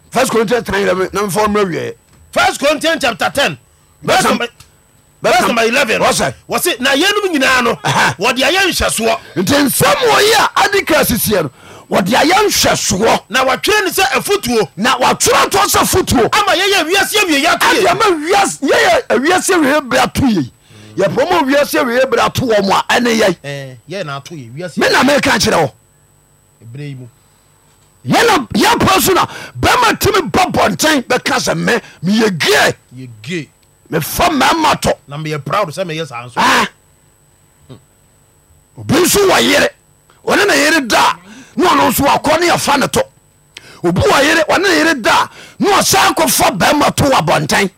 first corinthians three eleven na nfa ọmọ wiye. first corinthians chapter ten verse number verse number eleven wọ́sẹ̀ wọ́sẹ̀ na yẹnum nyinaa no wọ́de ayé nhyẹsoọ. nti nsẹ́mu wọ̀nyí a adi kira sisi yẹn wọ́de ayé nhyẹsoọ. na wàtwerɛ ni sɛ ɛfutuo. na wàtwerɛ tó sɛ futuo. ama yẹyẹ wiase wiye yá tó yẹ. ama yẹyẹ wiase wiye bẹ ato yẹ yẹpọ mọ wiase wiye bẹ ato wọn a ɛni eh, yẹ. ɛɛ yẹ na ato yẹ wiase. mi na mi kan kyerɛ wọ. ebire yi mu. ya prasona bama timi ba bonten beka se me meye ge mefa mama to ah. obi nso wa yere nne yere da nnskneyafaneto obryere da ne asan ko fa bema towa bɔnten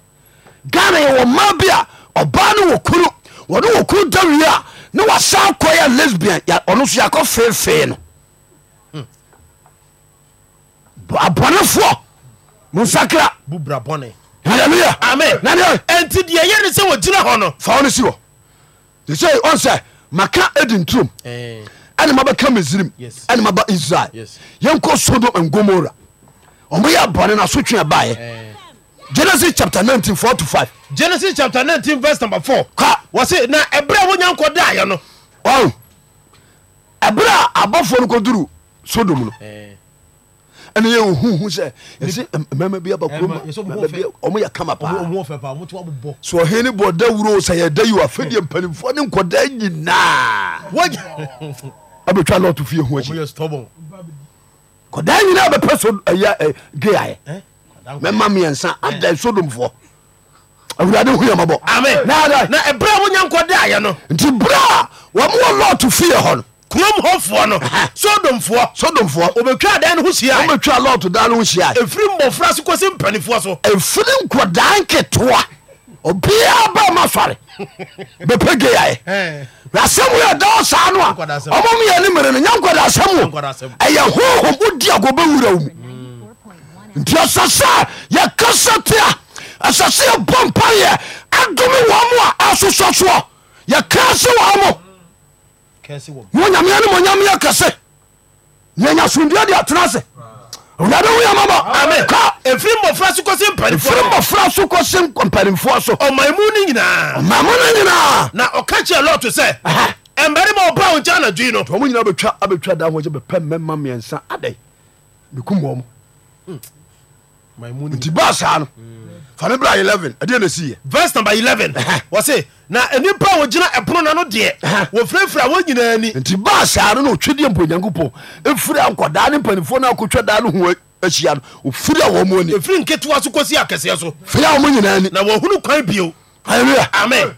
gane ywo ma bia ba ne wokr neokro dawia ne wasan ko ya lesbanyk fefe abɔnefoɔ monsakra bubra bɔne hallelujah amen nane ɛnti deɛ ɛyɛ ne sɛ wɔgyina hɔ no fa wɔn si wɔ de sɛ ɔn sɛ maka edi nturom eh. ɛna mabɛka mesirim ɛna maba israel yɛnkɔ sodom and gomora ɔmo yɛ abɔne na asotwe eh. genesis chapter nineteen four to five. genesis chapter nineteen verse number four. ka wɔsi na ɛbrɛ wo nyanko da yɛ no. ɔn ɛbrɛ abɔfo no ko sodom no. Eh ɛne yɛ ohuhu sɛ yɛse mɛma bi aba kuromaɔmo yɛ kama paa so bɔ da wuro sɛ yɛda yiw afɛdeɛ mpanimfoɔ ne nkɔdaa nyinaa abɛtwa lɔto fie ho akyi kɔdaa nyinaa bɛpɛ so ɛyɛ gaɛ mɛma miɛnsa ada sodomfoɔ awurade ho yamabɔ na ɛberɛ a wonya nkɔdaayɛ no nti berɛ a wɔmowɔ lɔto fie hɔ no kurom hɔfoɔ no sodomfoɔ sodomfoɔ wɔbɛtwa dan no ho hyia wɔbɛtwa lɔɔto dan no ho hyia ɛfiri mmɔfra so kɔsi mpanifoɔ so ɛfiri nkɔdaa nketewa obiaa ba ma fare [LAUGHS] bɛpɛ geyaɛ asɛm yɛ da saa no a ɔma meyɛ ne mmere no nya nkɔda asɛm o ɛyɛ hohom wodi a gɔbɛwura wo mu nti ɔsɛsɛ yɛkasa te a ɛsɛ sɛ yɛbɔ mpa yɛ adome wɔ mo a asosɔ soɔ yɛka se wɔ mo mo nyamea ne monyameyɛ kɛse yɛnya somdua de atena ase owurade wo yamabɔ ka ɛfiri mmɔfra so kɔsi mpanimfoɔ mmɔfra so kɔsi mpanimfoɔ so ɔmamu no nyinaa ɔmamu no nyinaa na ɔka kyerɛ lɔto sɛ mmarima ɔba wo nkyɛ anadwi no ɔmo nyinaa bɛtwa abɛtwa da ho gye bɛpɛ mmɛma mmiɛnsa adɛn mekum wɔ mo nti baa saa no fane eleven. 11 ɛdeɛ na ɛsiiɛ verse number 11 wɔ se na nipa a wɔgyina ɛpono no no deɛ wɔfirafira wɔn nyinaa ni nti baa saa no na ɔtwadeɛ mpo onyankopɔn ɛfiri a nkɔdaa ne mpanifoɔ no akɔtwa daa no ho ahyia no ɔfiri a wɔ mu ani ɛfiri nketewa so kɔsi akɛseɛ so firi a wɔm nyinaa ni na wɔhunu kwan bio hallelujah amen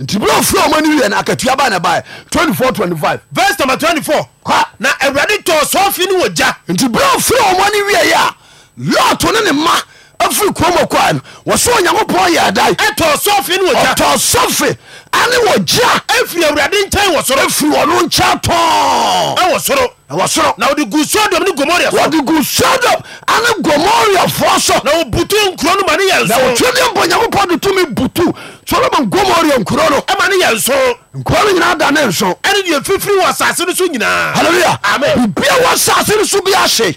nti bere ofiri ɔmo ni wiɛ na akatua ba na ba yɛ twenty four twenty five. verse number twenty four. kwa na awurade tɔ sɔɔfi ni wɔ gya. nti bere ofiri ɔmo ni wiɛ yɛ a lɔɔto ne ne ma afiri kurom kɔa no wɔsɛ onyankopɔn yɛ dan ɛtɔ sɔfe ne wɔgya ɔtɔ sɔfe ane wɔgya ɛfiri awurade nkyɛn wɔ soro ɛfiri wɔno nkyɛn tɔn ɛwɔ soro ɛwɔ soro na wɔde gu sodom ne gomoria so wɔde gu sodom ane gomoriafoɔ so na wɔbutu nkuro no ma ne yɛ nso na wɔtwe ne mpɔ nyankopɔn de tumi butu solomon gomoria nkuro no ɛma ne yɛ nso nkuro no nyinaa da ne nso ɛne deɛ fifiri wɔ asase no so nyinaa Hallelujah. amen bibia wɔ asase no so bi ahye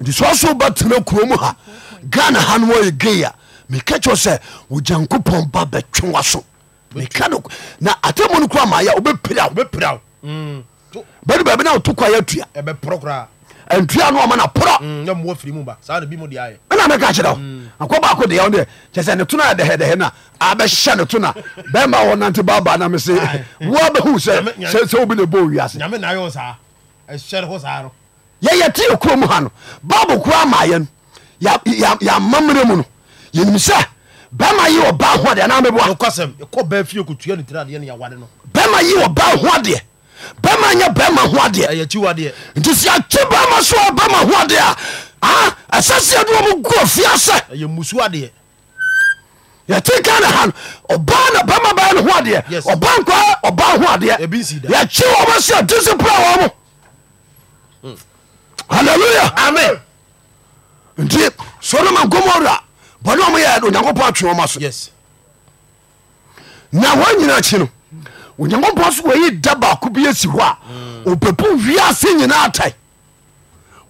nti sɛ ɔso bɛtena kurom ha ghana ha no wɔyɛ gei a meka kyɛw sɛ onyankopɔn ba bɛtwe wa so meka no na atamu no kora maayɛ wobɛpiraw mm. bɛde baabi na woto kwa yɛatua ntua no ɔma mm, na porɔ ɛna meka kyerɛ mm. akɔ baako deɛ wode kyɛ sɛ ne to no a dɛhɛdɛhɛ no a abɛhyɛ ne to no a bɛma wɔnante baba na me se [LAUGHS] woa bɛhu sɛ sɛ wobi ne bɔ wiase yɛyɛ te yɛ kurom ha no bible koraa ma yɛ no yɛamammerɛ mu no yɛnim sɛ bɛma yi wɔ ba ho adeɛ na meboa bɛma yi wɔ ba ho adeɛ bɛma nyɛ bɛma ho adeɛ nti sɛ yɛkye bɛma so wɔ bɛma ho adeɛ a ɛsɛ sɛ yɛde wɔ mo guɔ fiasɛ yɛte ka ne ha no ɔbaa na bɛma bɛɛ ne ho adeɛ ɔba nkwa ɔba ho yɛkye wɔ ma sɛ disipline wɔ mo Hallelujah. amen nti sodoma gomora bɔne ɔmo yɛ onyankopɔn atwe ɔma so na hɔ nyina akyi no onyankopɔn so wɔyi da baako bi asi hɔ a mm. ɔpɛpu wiase nyinaa atae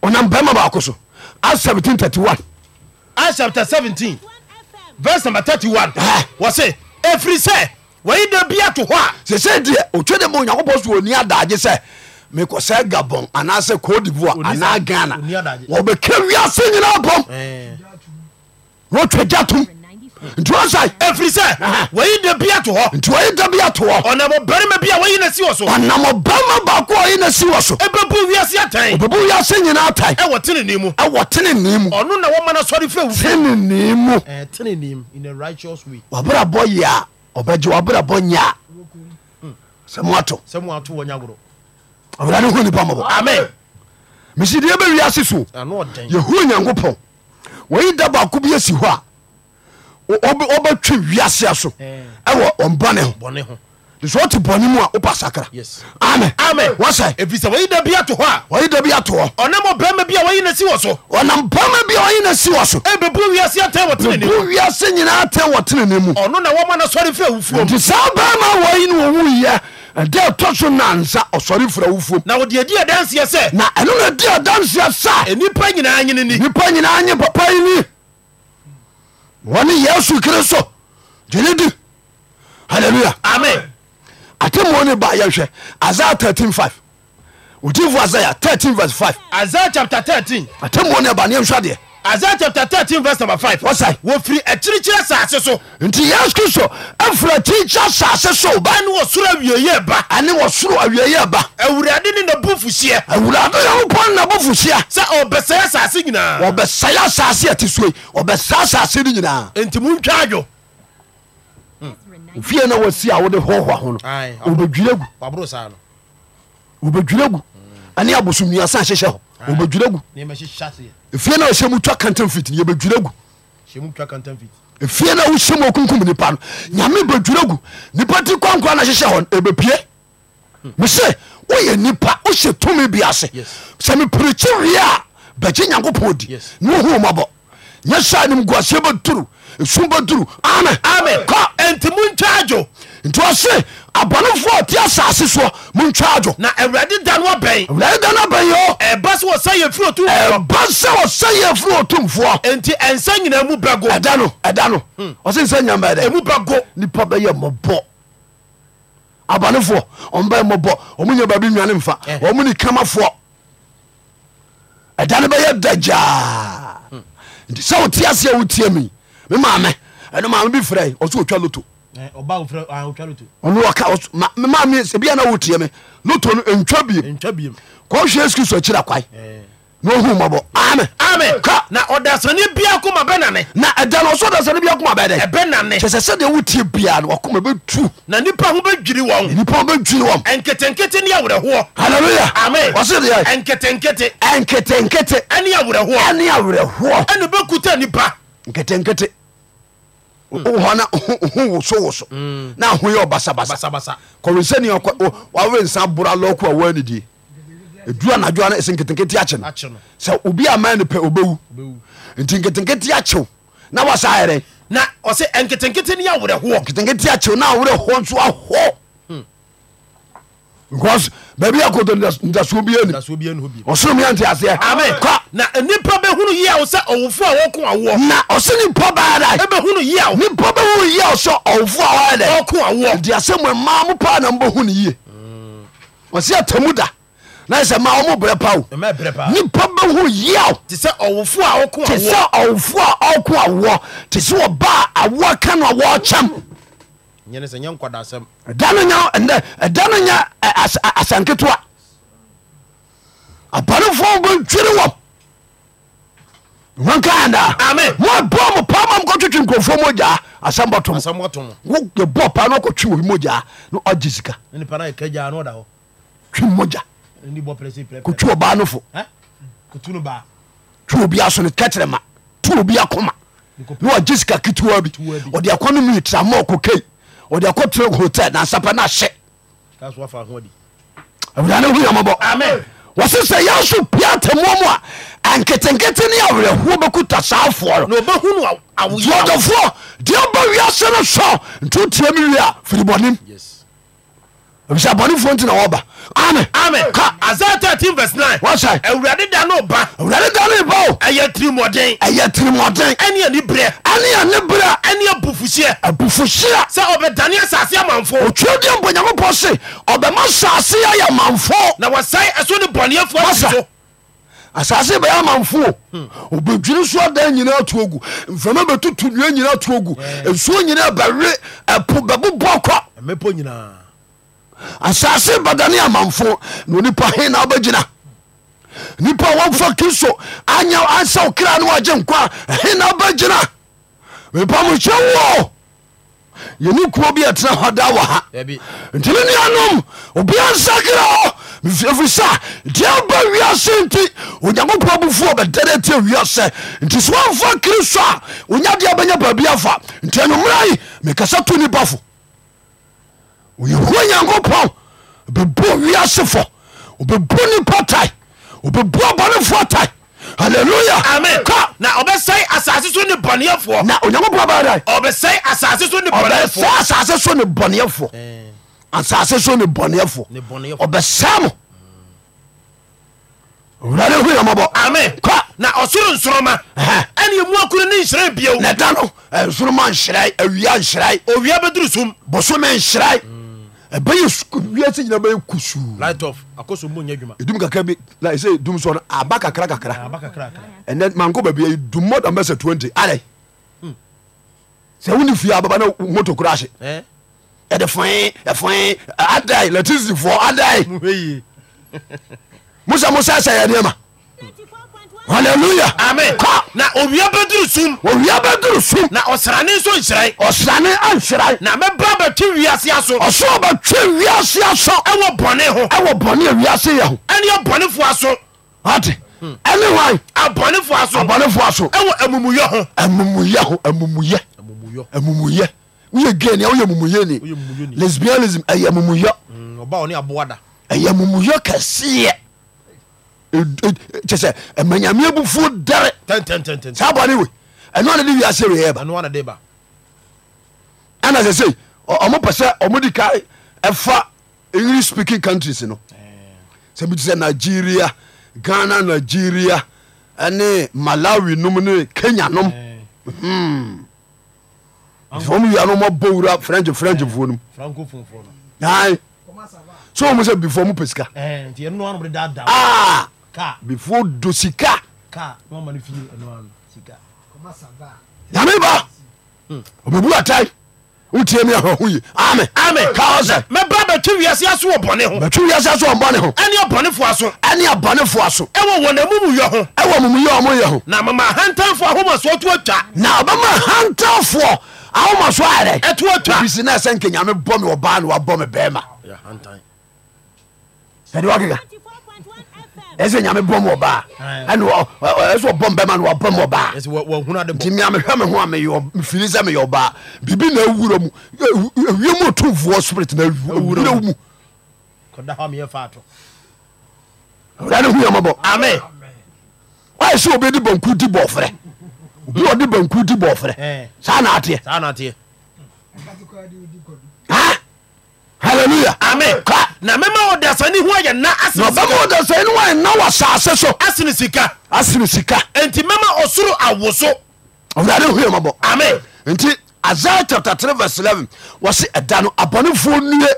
ɔnam bɛrima baako so as 1731 as chapter 17 verse number 31 wɔ se ɛfiri sɛ wɔyi da bi to hɔ a sɛsɛ deɛ ɔtwe de ma onyankopɔn so wɔni adagye sɛ mekɔ sɛ gabon anaasɛ cote divoir anaa ghana wɔbɛka wiase nyinaa bɔm na ɔtwa gya tom nti ɔsae ɛfiri sɛ wɔyi da bi ato hɔ nti wɔyi da bi ato hɔ ɔnamɔbarima bi a wɔyi na si wɔ so ɔnamɔbarima baako a ɔyi na si wɔ so ɛbɛbu wiase atɛn ɔbɛbu wiase nyinaa atɛn ɛwɔ tenene mu ɛwɔ tenene mu ɔno na wɔma no sɔre fɛ wu tenene mu tenene in a righteous way wabrabɔ yɛ a ɔbɛgye wabrabɔ nyɛ a sɛ ato sɛ ato wɔ nyagoro awurade hu nipa mɔbɔ amen mesideɛ bɛ wiase so yɛhu nyankopɔn wɔyi da baako bi asi hɔ a ɔbɛtwe wiasea so ɛwɔ ɔmbɔne ho sɛ wote bɔne mu a wopa sakra amen amen wɔsɛ ɛfiri sɛ wɔyi da bi ato hɔ a wɔyi da bi ato hɔ ɔnam ɔbarima bi a wɔyi na si wɔ so ɔnam barima bi a wɔyi na si wɔ so ɛbɛbu wiase atɛn wɔ tenene mu wiase nyinaa atɛn wɔ tenene mu ɔno na wɔma no sɔre firi awufuo mu nti saa barima wɔyi no wɔwuyɛ de ɛtɔ so nansa ɔsɔre mfira wofom na wode diadanseɛ sɛna ɛnon ɛdia danseɛ sa nipa nyinaa yeno ni nipa nyinaa nye papaini wɔne yesu kristo gyene di alleluya amn atamoɔ ne ba yɛhwɛ isaya 135 wotfo saya 13 v5 isaia cap 13 atɔ nebnɛhdeɛ isaiah chapter thirteen verse number five. wɔsai. wofiri akyirikyiri asase so. nti yesu kristo efura akyirikyiri asase so. ba ni wɔ soro awieeɛ ba. ani wɔ soro awieeɛ ba. awurade ni na bufu seɛ. awurade yɛn pɔn na bufu seɛ. sɛ ɔbɛsɛɛ asase nyinaa. ɔbɛsɛɛ asase ɛti so yi ɔbɛsɛɛ asase ni nyinaa. nti mu ntwa adwo. Hmm. fie na wɔsi a wɔde hɔhoa ho no. obedwire gu. waburo saa no. obedwire gu. ani abosomiya san hyehyɛ hɔ. obedwire gu. nneɛma hyehyɛ aseɛ. afie na wɔhyɛ mu twa kantamfiti nyɛbɛdwura gu ɛfie no wohyɛ mu akunkum nnipa no nyame badwura gu nipa te konkura na hyehyɛ hɔ n ɛbɛpie mesɛ woyɛ nnipa wosɛ tome bi ase sɛ meperekyireɛ a bɛgye nyankopɔn di ne wohoommabɔ yɛsɛ animguaseɛ bɛduru ɛsum bɛduru amen amen kɔ enti montwa adwo nti ɔse abɔnefoɔ ɔte asase soɔ montwa adwo na awurade da no abɛn awurade da no abɛn yɛ ɛba sɛ wɔsa yɛ firi otumfoɔ ɛba sɛ wɔsa yɛ firi otumfoɔ enti ɛnsa nyinaa mu bɛgo ɛda no ɛda no hmm. ɔse nsa nyama ɛdɛ ɛmu bɛgo nipa bɛyɛ mmɔbɔ abɔnefoɔ ɔmbɛyɛ mmɔbɔ ɔmo nya baabi nwane mfa eh. ɔmo ne kramafoɔ ɛda no bɛyɛ dagyaa hmm nti sɛ wo te aseɛ wotie mi me maame ɛno maame bi frɛ ɔso ɔtwa loto ɔnmame sɛ biana wotie me loto no ntwa biem kɔ hwɛ yesu kristo akyira kwae mabɔ ka na ɔdasane bia koma bɛnane na ɛdano ɔso ɔdasane bia koma bɛdɛ ɛbɛnane kyɛ sɛ sɛdeɛ wotie bia no wakoma bɛtu na nipa ho jiri wɔn nipa ho bɛdwiri wɔn ɛnketenkete ne awerɛhoɔ halleluya amen ɔse deɛ ɛnketenkete ɛnketenkete ɛne awerɛhoɔ ɛne awerɛhoɔ ɛne bɛkuta nipa nketenkete hɔ na ho wosowoso mm. na ho yɛ ɔbasabasa kɔwensɛnea wawe nsa bora lɔko a woanidie ɛduru anadwoa no ɛsɛ nketenkete akye no sɛ obi ama no pɛ obɛwu nti nketenkete akyew na wasa yɛrɛ na ɔsɛ nketenkete ne awerɛhoɔ nketenkete akyew na awerɛhoɔ nso ahɔ hmm. because baabi akɔtɔ ndasuo bi anim ɔsoro miante aseɛ kɔ na nipa bɛhunu yi awo sɛ ɔwofo a wɔko awoɔ na ɔse nipa baa da ɛbɛhunu yi awo nipa bɛhunu yi awo sɛ ɔwofo a wɔyɛ dɛ ɔko awoɔ nti asɛ mo mmaa mo paa na mbɛhunu yie hmm. ɔse atamu da nasɛ ma ɔmo berɛ pao nipa bɛhu yiaw te sɛ ɔwofoɔ a ɔko awoɔ te sɛ wɔba a awoɔ ka no awɔ kyɛm ɛda no nyɛ asanketewa abanefoɔ bɛntwere wɔm wankaandaa moabɔ mo paa ma mokɔtwetwe nkurɔfoɔ mogyaa asɛm bɔtom woyɛbɔ paa na ɔkɔtwe wɔ mogyaa na ɔgye sika twe mogya kotu ɔbaa no fo tu obia so no kɛterɛma tu obia koma ne wagye sika ketewa bi ɔde akɔ no mii tramɔ kokei ɔde akɔ tro hotel nansapɛ no ahyɛ awurade hu yamabɔ wɔse sɛ yɛso pia tamuɔ mu a anketenkete ne awerɛhoɔ bɛkuta saafoɔ nodɔfoɔ deɛ ɔbɔ wiase no sɔ nti wotia me wie a firibɔnem yes ebisɛ abɔnefoɔ nti na wɔba amen amen ka Isaiah thirteen verse nine wɔsɛ awurade da no ba awurade da no ba o ɛyɛ tirimɔden ɛyɛ tirimɔden ɛne ani berɛ ɛne ani berɛ ɛne abufuhyeɛ abufuhyeɛ sɛ ɔbɛdane asase amanfoɔ otwa di mpɔ nyankopɔn se ɔbɛma asase ayɛ amanfoɔ na wɔsɛe ɛso ne bɔneɛfoɔ asi so asase bɛyɛ amanfoɔ hmm. obɛdwiri so adan nyinaa to ogu mframa bɛtutu nnua nyinaa to ogu nsuo nyinaa bɛwe ɛpo bɛbobɔ kɔ mmepɔ nyinaa asase badane amanfo na onipa na? wobɛgyina nipa wɔmfa kristo ansa okra ne wagye nkwa hena wobɛgyina mepamohyɛ wo yɛne kuo bi ɛtena hɔ da wɔ ha ntimi nuanom obia nsakra o ɛfiri sa deɛ ba wiase nti onyankopɔn abufuo bɛdɛdɛ tie wiase nti sɛ wɔmfa kristo a onya deɛ bɛnya baabi afa nti anwummerai mekasa to nipa fo yehowa nyankopɔn obɛbo wiasefo obɛbo nipa tae obɛbo abɔnefoɔ tae Alléluia. amen ka na ɔbɛsɛe asase so ne bɔneɛfoɔ na onyankopɔn asase so ne bɔneɛfoɔ asase so ne bɔneɛfoɔ asase so ne bɔneɛfoɔ Amen. mo wurade hu yamabɔ amen na ɔsoro nsoroma ɛne ne nhyerɛ na da no eh, nsoroma nhyerɛ awia nhyerɛ owia bɛduru sum bosome nhyerɛ ɛbɛyɛ wiase nyina bɛyɛ kusuu light off dum so no aba kakra kakra ɛnɛ mankɔ baabi dum more than bɛsɛ twenty adɛ sɛ wone fie ababa na moto kora ahye ɛde foe ɛfoe adae electricity foɔ adae mosɛ mosɛsɛ yɛ nneɛma hallelujah amen kɔ na owia bɛduru sun, owia bɛduru sun. na ɔsrane nso nhyerɛe ɔsrane anhyerɛe na mɛba bɛtwe wiase aso ɔsoro bɛtwe wiase aso ɛwɔ bɔne ho ɛwɔ bɔne wiase yɛ ho ɛne ɔbɔnefoɔ aso ate ɛne wan abɔnefoɔ aso abɔnefoɔ aso ɛwɔ amumuyɛ ho amumuyɛ ho amumuyɛ amumuyɛ woyɛ ni. nea woyɛ mumuyɛ ni lesbianism ɛyɛ amumuyɛ mm, ɛyɛ amumuyɛ kɛseɛ kyɛ sɛ manyame abufuo dare saa bɔne we ɛno ana de wiase reyɛba ana sɛ sei ɔmo pɛ sɛ ɔmode ka ɛfa english speaking countries no sɛ meti sɛ nigeria ghana nigeria ɛne malawi nom ne kenya nom hmm. ɔmo wia no ɔmɔbɔ wura french french foɔ nom so ɔmo sɛ before mo pɛ sika before do sika nyame ba obebu atai wotie mi ahɔho yi ame ame ka ɔ sɛ mɛba bɛtwe wiase aso wɔ bɔne ho bɛtwe wiase aso wɔ bɔne ho ɛne abɔnefoɔ so ɛne abɔnefoɔ so ɛwɔ wɔn amumuyɛ ho ɛwɔ mumuyɛ ɔmo yɛ ho na mama ahantanfoɔ ahomasoɔ to atwa na ɔbɛma ahantanfoɔ ahomasoɔ ayɛ dɛ ɛto atwa obi si na ɛsɛ nke nyame bɔ me wɔ baa na wabɔ me bɛɛma sɛde wakeka ɛsɛ nyame bɔm ɔbaa ɛsɛ ɔbɔ mbɛma no wabɔm ɔbaanti meamehwɛ me ho a mefiri sɛ meyɛ ɔbaa biribi na awura mu awie mu ɔtomfoɔ spirit na awura mu awura ne huyamabɔ ame wayɛ sɛ obɛdi banku di bɔfrɛ obi ɔde banku di bɔfrɛ eh. saa na ateɛ halleluya ame ka na mɛma ɔdasane ho ayɛ na Na asnɔbɛma ɔdasane no ayɛ na wɔ asase so asene sika asene sika enti mɛma ɔsoro awo so ɔwurade hu yɛmɔbɔ amen nti isaiah chapter three verse eleven. wɔse ɛda no abɔnefoɔ nnue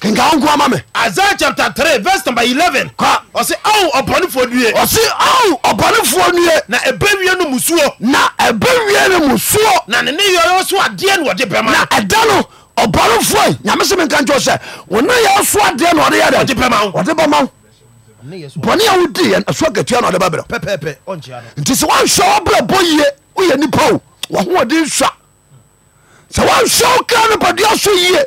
kenka wo nko ama me isaiah chapter three verse number 11 ka ɔse ao ɔbɔnefoɔ nnue ɔse ao ɔbɔnefoɔ nnue na ɛbɛwie no musuo na ɛbɛwie no musuo na ne ne yɔyɔ so adeɛ ne wɔde bɛma na ɛda no ɔbɔrefoɔ nyame se menka nkyɛw sɛ wone yɛ so adeɛ na ɔde yɛ dɛ ɔde bɛma wo bɔne a wodi ɛso akatua na ɔde bɛbrɛ nti sɛ woanhwɛ wobrɛ bɔ yie woyɛ nipa o wahoɔden sua sɛ woanhwɛ wo kra nipadua so yie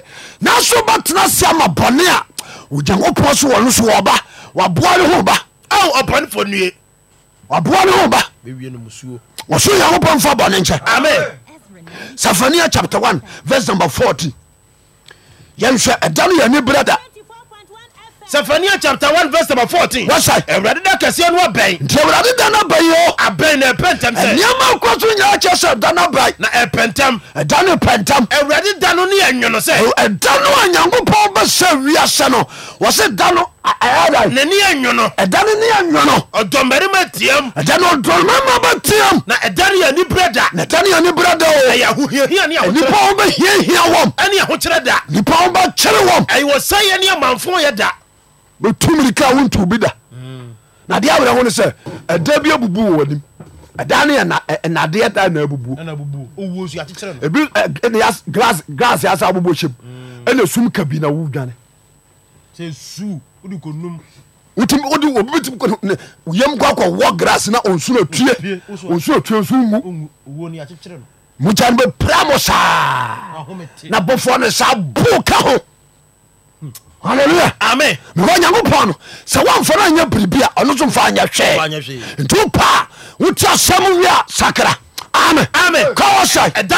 na so wobɛtena se ama bɔne a onyankopɔn so wɔno so wɔba waboa ne ho ba ɔbɔnefoɔ nue waboa ne ho ba wɔso nyankopɔn mfa bɔne nkyɛ safania chapter one, verse number fourteen yɛnhwɛ ɛda no yɛni berɛ da sɛfania chapter 1 verse number 14 wasae awurade da kɛseɛ no abɛn nti awurade da no abɛn o abɛn na ɛpɛntɛm sɛ nneɛma kɔ so nyinaa kyɛ sɛ da no abɛn na ɛpɛntɛm ɛda no pɛntɛm awurade da no ne yɛnwono sɛ ɛda no a nyankopɔn bɛsɛ wiasɛ no wɔ se da no ɛyɛda n'ani anwo no ɛda no ne anwo no ɔdɔmbarima tiam ɛda no ɔdɔmbarima ba tiam na ɛda no yɛ ani berɛ da na ɛda no yɛ ani berɛ da o ɛyɛ ahohiahia ne ahokyerɛ nipa wo bɛhiahia wɔm ɛne ahokyerɛ da nipa wo bɛkyere wɔm ɛyɛ wɔsɛeɛ ne amanfo yɛ da bɛtu mirika a wontu bi da mm. na adeɛ awerɛ ho no sɛ ɛda bi abubu wɔ w'anim ɛda no yɛ nadeɛ da na abubuo glass yɛ asa abobɔ hyɛm ɛna sum ka bi na wodwane sɛ su wode kɔnum wotumi wode obi bitumi kɔ yam kɔ akɔ wɔ grass na onsu na tue onsu na tue onsu ngu mugya no bɛpira mo saa na bofoɔ no saa boo ka ho hmm. hallelujah amen mekɔ nyankopɔn no sɛ woamfa no anyɛ biribi a ɔno so mfa anyɛ hwɛɛ nti wo paa wote asɛm wie a sakra okrad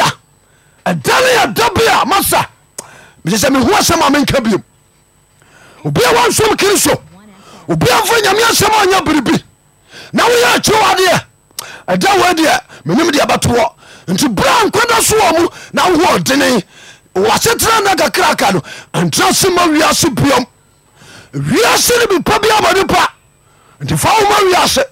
a a rɛa wasetera na kakraka no antera se ma wiase biom wiase no bipa biamane pa nti fa woma wiase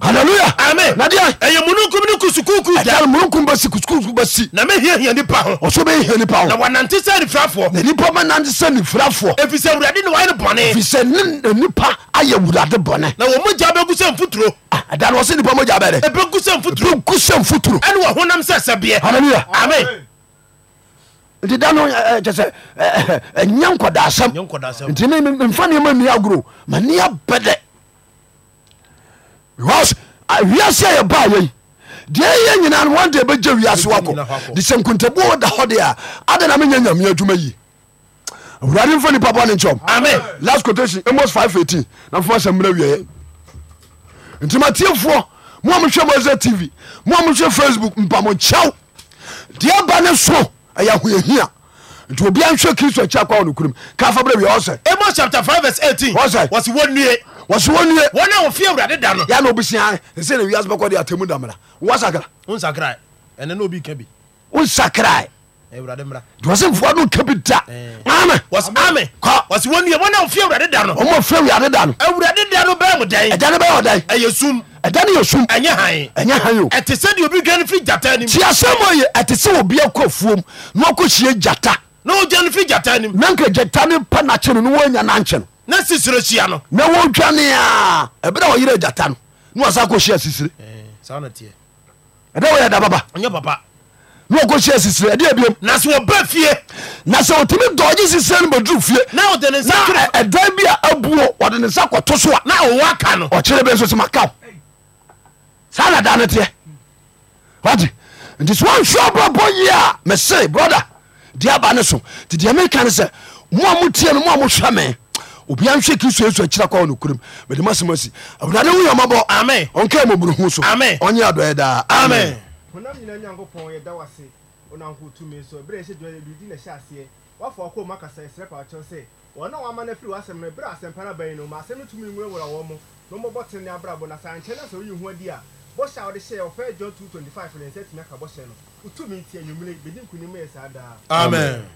hallelujah amen Nadia. ɛyɛ munukun ni kusukuku da ɛyɛ munukun bɛ si kusukuku bɛ si na mɛ hiɛ hiɛ nipa hɔn ɔsɔ bɛ hiɛ nipa hɔn na wa nante sɛ nifira fɔ na nipa ma nante sɛ nifira fɔ efisɛ wulade ni wa ni bɔnɛ efisɛ ni nipa ayɛ wulade bɔnɛ na wɔn mo ja bɛ gusɛn futuro ah, ɛdani wɔsi nipa mo ja bɛ dɛ ebe gusɛn futuro ebe gusɛn futuro ɛni wa honam sɛ sɛbiɛ hallelujah amen. amen. iankeeya nko dasemanonwibae e yina ee wise o kuaaee abooka ɛyɛ ahoyɛhia nti obi anhwɛ kristo akyi akɔ wɔ nokurom ka fa berɛ wie ɔsɛ amos chapter five verse eighteen ɔsɛ wɔsi wɔn nue wɔsi wɔn nue wɔn a wɔfi awurade da no yà ni obusia sɛ na wiase bɛkɔ de atemu damina wɔsakra wɔnsakra ɛnɛ n'obi kɛ bi wɔnsakra dɔsi nfuwa n'o kebi da amen wɔsi amen kɔ wɔsi wɔn nue wɔn a wɔfi awurade da no wɔn a wɔfi awurade da no awurade da no bɛɛ mu dɛ ɛdani bɛɛ mu dɛ ɛyɛ sum ɛda ne yɛsum ɛnyɛ ha ɛnyɛ han o ɛte sɛ deɛ obi dwane firi gyata anim ti asɛm ɔyɛ ɛte sɛ obi akɔ afuom na ɔkɔhyie gyata na ɔdwane firi gyata anim na nka gyata ne pa nakye no na wɔanya na sisire hyia no na wɔdwane a ɛberɛ a ɔyerɛ gyata no na wasa kɔhyia sisire ɛda wɔyɛ da baba ɔnyɛ papa na ɔkɔhyia sisire ɛdeɛ biom na sɛ wɔba fie na sɛ ɔtumi dɔɔgye sisire no bɛduru fie na ɛdan bi a abuo ɔde ne nsa kɔto so a na ɔwɔ aka no ɔkyerɛ bɛ nso sɛ saa na da no teɛ wate nti sɛ wanhwɛ brɔbɔ yie a mese brother deɛ aba ne so nti deɛ meka ne sɛ mo a motie me mo a mohwɛ me obia nhwɛ kristo yesu akyira kwa nokurom mede masɛm asi awurade woyɛ mabɔ ame ɔnka mmɔburuhu so ɔnyɛ adɔɛ daa amen honam nyinaa nyankopɔn yɛda wase ɔnanko tumi so ɛberɛ ɛhyɛ dwuma biribi na ɛhyɛ aseɛ wafa ɔkɔ mu akasa ɛsrɛ pa kyɛw sɛ wɔn wɔama no afiri w'asɛm no ɛberɛ asɛmpa no abɛn no ma asɛm no tumi nwura wura wɔn mu na ɔmɔbɔ tene abrabɔ na saa nkyɛn na sɛ woyi ho adi a bɔhyɛ a hyɛ ɔfɛ john two twenty five na nsɛ tumi aka bɔhyɛ no wotumi nti anwummere bɛdi nkonim yɛ saa daa amen